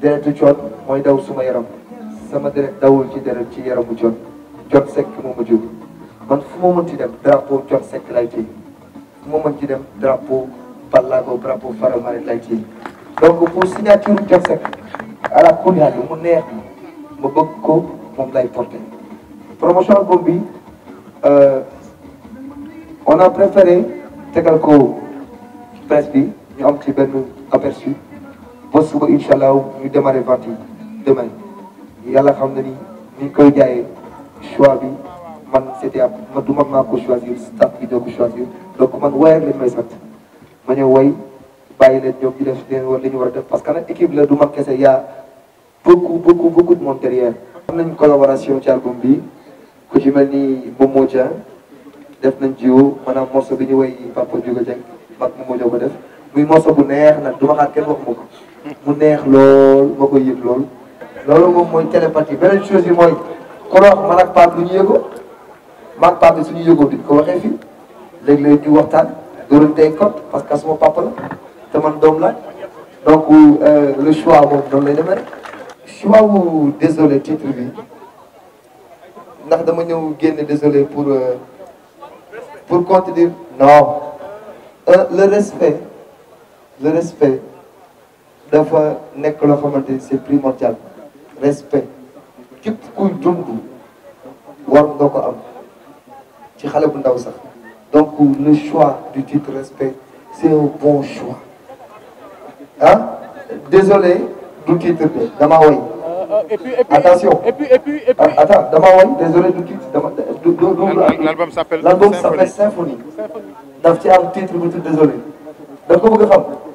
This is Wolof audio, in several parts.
deretu coon mooy daw suma yaram sama deret dawul ci deret ci yaramu jot coon sekk moo ma jur man fu ma mënti dem drapeau coon sekk lay téye fu ma mënti dem drapeau Ballago drapeau Faramare lay téye donc pour signature coon sekk ala kulli haal mu neex ma bëgg ko moom lay porté promotion boobu bi euh, on a préféré tegal ko presse bi ñu am ci benn aperçu ba suba incha allah ñu démarrer vente yi demain yàlla xam na ni ni ñu koy jaayee choix bi man c'était ab man du man maa ko choisir staff bi doo ko choisir donc man waaye lañ may ma ñëw way bàyyi leen ñoom ñu def leen war li ñu war a def parce que nag équipe la du man kese y'a beaucoup beaucoup beaucoup de am nañ collaboration ci album ku ci mel ni Momo Dia def nañ jiw maanaam morceau bi ñu way Papa Diouf Dieng mag Momo Dia def. mu morceau bu neex nag du ma xaar kenn wax mu neex lool ma koy yëg lool loolu moom mooy télépathie beneen chose yi mooy korox man ak Pape lu ñu yëgoo man ak Pape suñu yëgoo duñ ko waxee fii léeg-léeg ñu waxtaan doon tey ko parce que suma papa la te man doom la donc euh, le choix moom noonu lay demee choix wu désolé titre bi ndax dama ñëw génne désolé pour euh, pour continuer non euh, le respect le respect dafa nekk loo xamante ni c'est primordial respect képp kuy dund war nga am ci xale bu ndaw sax donc le choix du titre respect c'est un bon choix ah désolé du titre de dama woy attention dama woy désolé du titre dama du du l'album s'appelle symphonie daf ci am titre bu tudd désolé da ko bëgg a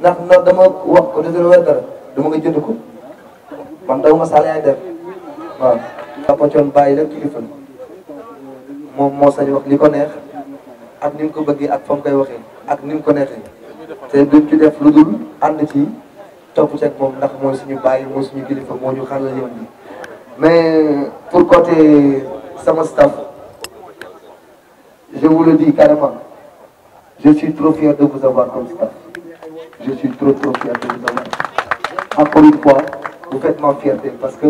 ndax ndax dama wax ko dëgg la dara dama nga jënd ko man daw ma saale ay der waaw. papa Thione bàyyi rek kilifa moom moo sañ wax li ko neex ak ni ko bëggee ak fa mu koy waxee ak ni mu ko neexee te duñ ci def lu dul ànd ci topp ceeg moom ndax mooy suñu bàyyi mooy suñu kilifa moo ñu xarala yoon bi mais pour côté sama staff je vous le dis carrément je suis trop fier de vous avoir comme staff. je suis trop trop fier de vous avoir une fois vous faites parce que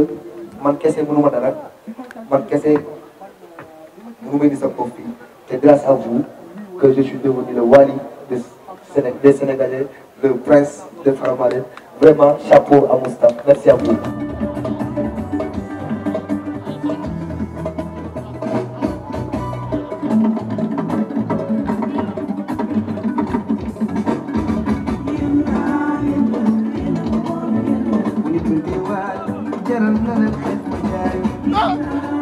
man kese mënuma dara man kese mënuma indi sa bopp bi c'est grâce à vous que je suis devenu le Wally des des le prince de Faramareen vraiment chapeau à mon merci à vous. di waay jaral na leen xeex ma jaay